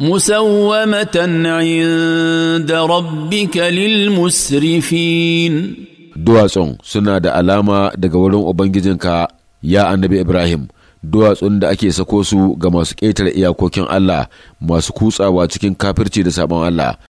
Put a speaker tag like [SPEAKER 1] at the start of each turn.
[SPEAKER 1] مسومه عند ربك للمسرفين
[SPEAKER 2] duwatsun suna da alama daga wurin ubangijinka ya annabi ibrahim duwatsun da ake sako su ga masu ƙetare iyakokin allah masu kutsawa cikin kafirci da sabon allah